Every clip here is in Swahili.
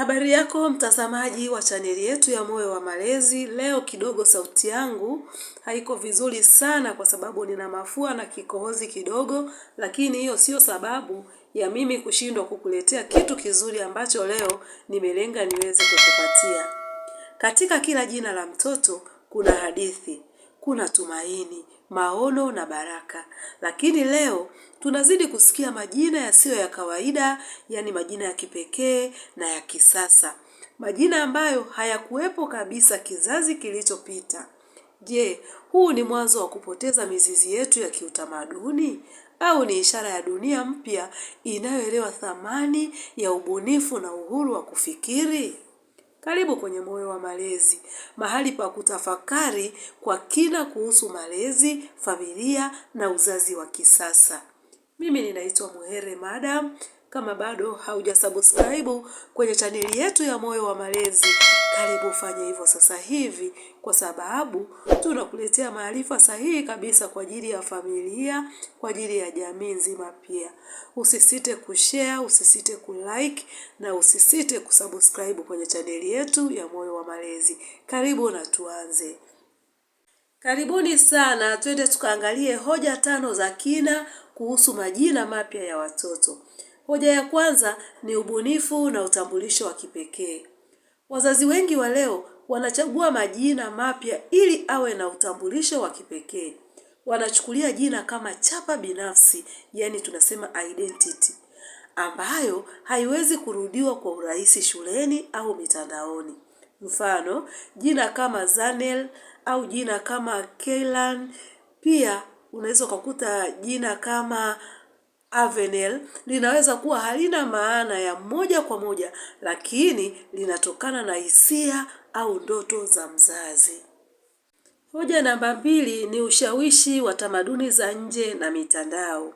Habari yako mtazamaji wa chaneli yetu ya Moyo wa Malezi. Leo kidogo sauti yangu haiko vizuri sana, kwa sababu nina mafua na kikohozi kidogo, lakini hiyo sio sababu ya mimi kushindwa kukuletea kitu kizuri ambacho leo nimelenga niweze kukupatia. Katika kila jina la mtoto kuna hadithi kuna tumaini, maono na baraka. Lakini leo tunazidi kusikia majina yasiyo ya kawaida, yaani majina ya kipekee na ya kisasa, majina ambayo hayakuwepo kabisa kizazi kilichopita. Je, huu ni mwanzo wa kupoteza mizizi yetu ya kiutamaduni au ni ishara ya dunia mpya inayoelewa thamani ya ubunifu na uhuru wa kufikiri? Karibu kwenye Moyo wa Malezi, mahali pa kutafakari kwa kina kuhusu malezi, familia na uzazi wa kisasa. Mimi ninaitwa Muhere Madam. Kama bado haujasubscribe kwenye chaneli yetu ya Moyo wa Malezi, karibu ufanye hivyo sasa hivi, kwa sababu tunakuletea maarifa sahihi kabisa kwa ajili ya familia, kwa ajili ya jamii nzima. Pia usisite kushare, usisite kulike na usisite kusubscribe kwenye chaneli yetu ya Moyo wa Malezi. Karibu na tuanze. Karibuni sana, twende tukaangalie hoja tano za kina kuhusu majina mapya ya watoto. Hoja ya kwanza ni ubunifu na utambulisho wa kipekee. Wazazi wengi wa leo wanachagua majina mapya ili awe na utambulisho wa kipekee. Wanachukulia jina kama chapa binafsi, yani tunasema identity, ambayo haiwezi kurudiwa kwa urahisi shuleni au mitandaoni. Mfano, jina kama Zanel au jina kama Kelan. pia unaweza ukakuta jina kama Avenel linaweza kuwa halina maana ya moja kwa moja, lakini linatokana na hisia au ndoto za mzazi. Hoja namba mbili ni ushawishi wa tamaduni za nje na mitandao.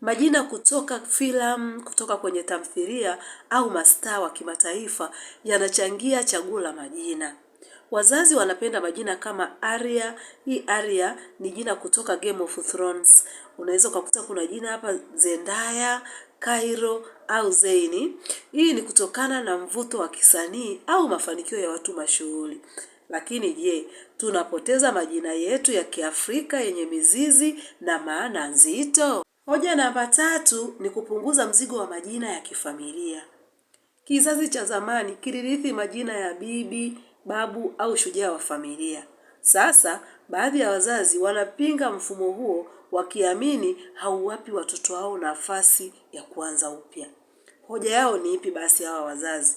Majina kutoka filamu, kutoka kwenye tamthilia au mastaa wa kimataifa yanachangia chaguo la majina. Wazazi wanapenda majina kama Arya. Hii Arya ni jina kutoka Game of Thrones. Unaweza ukakuta kuna jina hapa Zendaya, Cairo au Zaini. Hii ni kutokana na mvuto wa kisanii au mafanikio ya watu mashuhuri. Lakini je, tunapoteza majina yetu ya Kiafrika yenye mizizi na maana nzito? Hoja namba tatu ni kupunguza mzigo wa majina ya kifamilia. Kizazi cha zamani kilirithi majina ya bibi, babu au shujaa wa familia. Sasa baadhi ya wazazi wanapinga mfumo huo wakiamini hauwapi watoto wao nafasi ya kuanza upya. Hoja yao ni ipi? Basi hawa wazazi,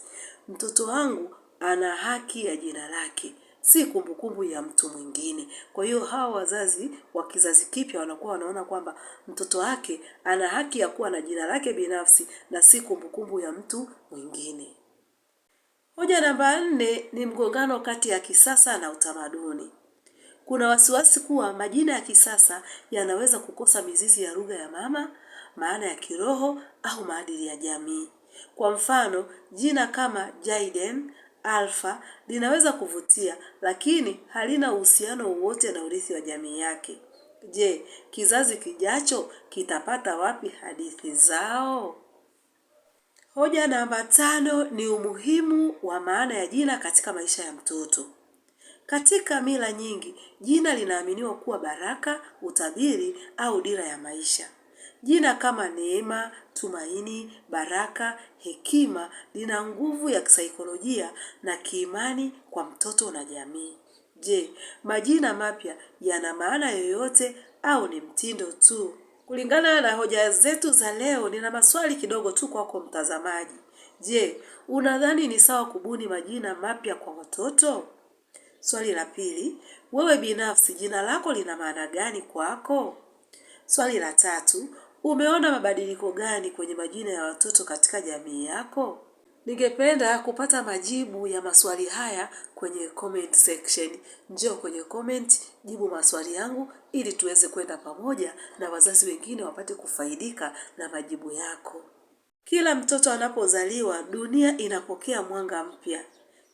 mtoto wangu ana haki ya jina lake, si kumbukumbu ya mtu mwingine. Kwa hiyo hawa wazazi wa kizazi kipya wanakuwa wanaona kwamba mtoto wake ana haki ya kuwa na jina lake binafsi na si kumbukumbu ya mtu mwingine. Hoja namba nne ni mgongano kati ya kisasa na utamaduni. Kuna wasiwasi kuwa majina ya kisasa yanaweza kukosa mizizi ya lugha ya mama, maana ya kiroho au maadili ya jamii. Kwa mfano, jina kama Jaden Alpha linaweza kuvutia lakini halina uhusiano wowote na urithi wa jamii yake. Je, kizazi kijacho kitapata wapi hadithi zao? Hoja namba tano ni umuhimu wa maana ya jina katika maisha ya mtoto. Katika mila nyingi, jina linaaminiwa kuwa baraka, utabiri au dira ya maisha. Jina kama Neema, Tumaini, Baraka, Hekima lina nguvu ya kisaikolojia na kiimani kwa mtoto na jamii. Je, majina mapya yana maana yoyote au ni mtindo tu? Kulingana na hoja zetu za leo, nina maswali kidogo tu kwako mtazamaji. Je, unadhani ni sawa kubuni majina mapya kwa watoto? Swali la pili, wewe binafsi jina lako lina maana gani kwako? Swali la tatu, umeona mabadiliko gani kwenye majina ya watoto katika jamii yako? Ningependa kupata majibu ya maswali haya kwenye comment section. Njoo kwenye comment, jibu maswali yangu ili tuweze kwenda pamoja na wazazi wengine wapate kufaidika na majibu yako. Kila mtoto anapozaliwa, dunia inapokea mwanga mpya.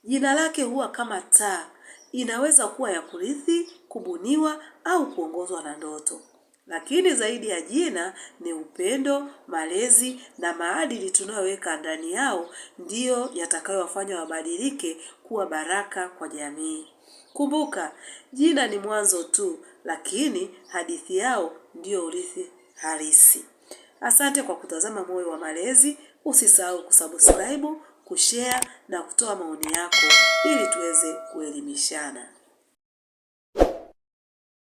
Jina lake huwa kama taa, inaweza kuwa ya kurithi, kubuniwa au kuongozwa na ndoto. Lakini zaidi ya jina ni upendo, malezi na maadili tunayoweka ndani yao ndiyo yatakayowafanya wabadilike kuwa baraka kwa jamii. Kumbuka, jina ni mwanzo tu, lakini hadithi yao ndiyo urithi halisi. Asante kwa kutazama Moyo wa Malezi. Usisahau kusubscribe, kushare na kutoa maoni yako ili tuweze kuelimishana.